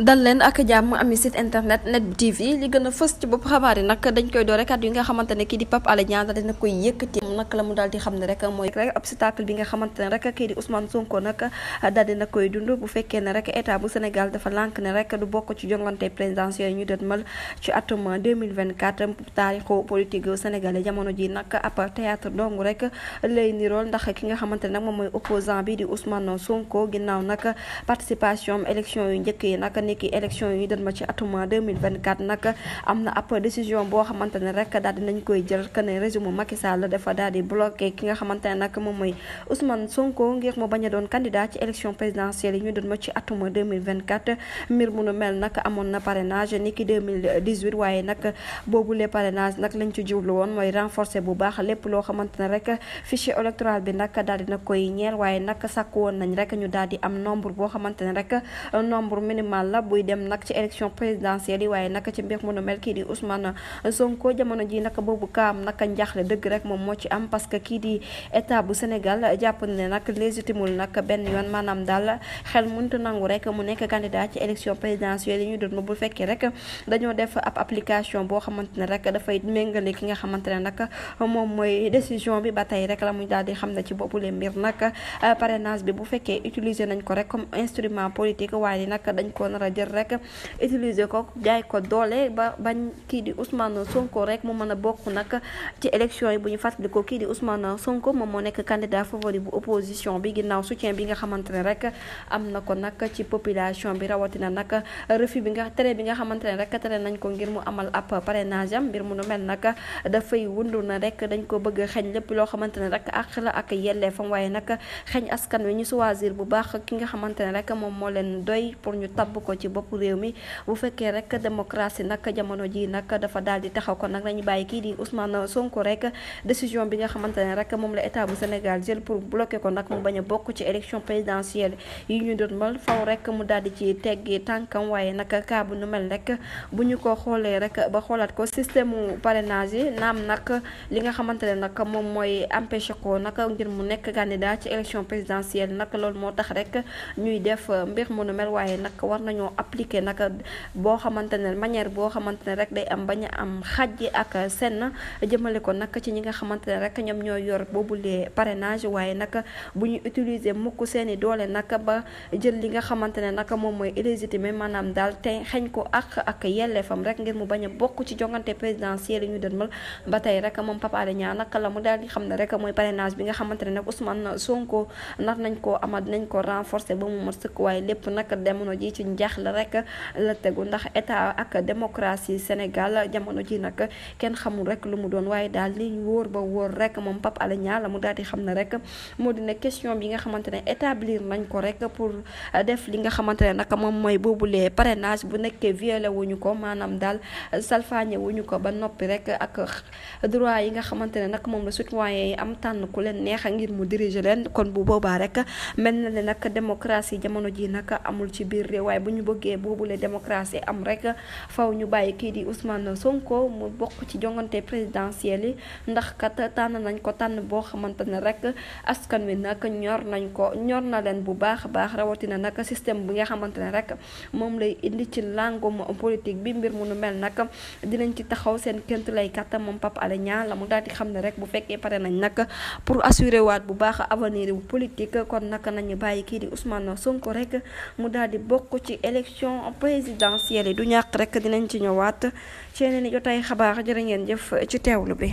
dal leen ak jàmm ami site internet net bi TV li gën a fës ci bopp xabaar yi nag dañ koy door rek kàddu yi nga xamante ne kii di Pape Alé Niang dina koy yëkkati di xam ne rek mooy rek obstacle bi nga xamante ne rek kii di Ousmane Sonko koy dund bu fekkee ne rek état bu Sénégal dafa lànk ne rek bokk ci jongante présidentielle ñu dëtmal ci atum 2024 taarixu politique sénégalais jamono ji nag ab théâtre dong rek lay nirool ndax ki nga xamante ne nag moom mooy opposant bi di Ousmane Sonko ginnaaw nag participation élection yu njëkk yi nag ni ki élection yi ñu ma ci atuma 2024 nag am na ab décision boo xamante ne rek daal dinañ koy jël que ne résumé Macky Sall dafa daal di bloqué ki nga xamante ne nag mooy Ousmane Sonko ngir mu bañ a doon candidat ci élection présidentielle yi ñu doon ma ci atuma mbir mu nu mel nag amoon na parrainage ni ki 2018 waaye nag boobu le parrainage nag lañ ci jublu woon mooy renforcer bu baax lépp loo xamante rek fichier électoral bi nag daal dina koy ñeel waaye nag boo xamante ne rek la buy dem nag ci élection présidentielle yi waaye nag ci mbir mu nu mel kii di Ousmane Sonko jamono ji nag boobu kaam nag njaaxle dëgg rek moom moo ci am parce que kii di état bu Sénégal jàpp ne nag légitimul nag benn yoon maanaam daal xel mënut nangu rek mu nekk candidat ci élection présidentielle yi ñu doon bu fekkee rek dañoo def ab application boo xamante ne rek dafay méngale ki nga xamante ne nag moom mooy décision bi ba tey rek la muy daal di xam ne ci boppu le mbir nag parrainage bi bu fekkee utiliser nañ ko rek comme instrument politique waaye nag dañ ko nar a jël rek utiliser ko jaay ko doole ba bañ kii di Ousmane Sonko rek mu mën a bokk nag ci élection yi bu ñu fàttali ko kii di Ousmane Sonko moom moo nekk candidat favori bu opposition bi ginnaaw soutien bi nga xamante rek am na ko nag ci population bi rawatina nag refus bi nga tere bi nga ne rek tere nañ ko ngir mu amal ab parrainage am mbir mu nu mel nag dafay wundu na rek dañ ko bëgg a xeñ lépp loo xamante ne rek àq la ak yelleefam waaye nag xeñ askan ko ci bopp réew mi bu fekkee rek démocratie nag jamono ji nag dafa daal di taxaw kon nag nañu bàyyi kii di Ousmane Sonko rek décision bi nga xamante ne rek moom la état bu Sénégal jël pour bloquer ko nag mu bañ a bokk ci élection présidentielle yi ñu doon mal faw rek mu daal di ci teggi tànkam waaye nag kaa bu nu mel rek bu ñu ko xoolee rek ba xoolaat ko système mu parrainage yi naam nag li nga xamante ne nag moom mooy empêché ko nag ngir mu nekk candidat ci élection présidentielle nag loolu moo tax rek ñuy def mbir mu ñoo appliqué naka boo xamante ne manière boo xamante ne rek day am bañ a am xajji ak senn jëmale ko nag ci ñi nga xamante ne rek ñoom ñoo yor boobulee parrainage waaye nag bu ñu utiliser mukk seeni doole nag ba jël li nga xamante ne nag moom mooy illégitime maanaam daal te ko ak ak yelleefam rek ngir mu bañ a bokk ci jongante présidentielle yi ñu dënmal ba tey rek moom Pape Alé Niang nag la mu daal di xam ne rek mooy parrainage bi nga xamante ne nag Ousmane Sonko nar nañ koo amal nañ ko renforcer sëkk waaye lépp nag demono ji ci njax xeex la rek la tegu ndax état ak démocratie Sénégal jamono ji nag kenn xamul rek lu mu doon waaye daal li woor ba woor rek moom Pape Alé Niang la mu daal di xam na rek moo dina question bi nga xamante ne établir nañ ko rek pour def li nga xamante ne nag moom mooy boobu lee parenage bu nekkee violé wuñu ko maanaam daal salfaañe wuñu ko ba noppi rek ak droit yi nga xamante ne nag moom la citoyen yi am tànn ku leen neex ngir mu diriger leen kon bu boobaa rek mel na ne nag démocratie jamono ji nag amul ci biir réew waaye bu ñu ñu bëggee boobule démocratie am rek faw ñu bàyyi kii di Ousmane Sonko mu bokk ci jongante présidentielle yi ndax kat tànn nañ ko tànn boo xamante ne rek askan wi nag ñor nañ ko ñor na leen bu baax a baax rawatina nag système bu nga xamante ne rek moom lay indi ci langum politique bi mbir mu nu mel nag dinañ ci taxaw seen ként lay kàtt moom Pape Alé Niang la mu daal di xam ne rek bu fekkee pare nañ nag pour assurer waat bu baax avenir bu politique kon nag nañu bàyyi kii di Ousmane Sonko élection présidentielle yi du ñàkk rek dinañ ci ñëwaat ci yeneen i jotaay xabaar jërë ngeen jëf ci teewlu bi.